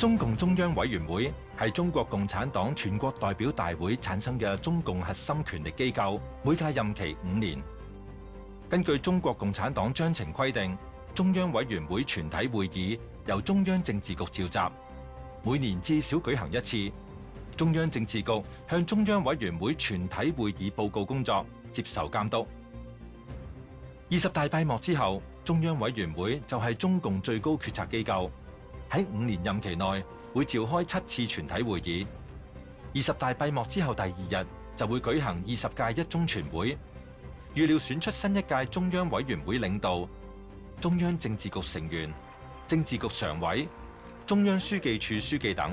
中共中央委員會係中國共產黨全國代表大會產生嘅中共核心權力機構，每屆任期五年。根據中國共產黨章程規定，中央委員會全體會議由中央政治局召集，每年至少舉行一次。中央政治局向中央委員會全體會議報告工作，接受監督。二十大閉幕之後，中央委員會就係中共最高決策機構。喺五年任期內會召開七次全體會議。二十大閉幕之後第二日，就會舉行二十屆一中全會，預料選出新一屆中央委員會領導、中央政治局成員、政治局常委、中央書記處書記等。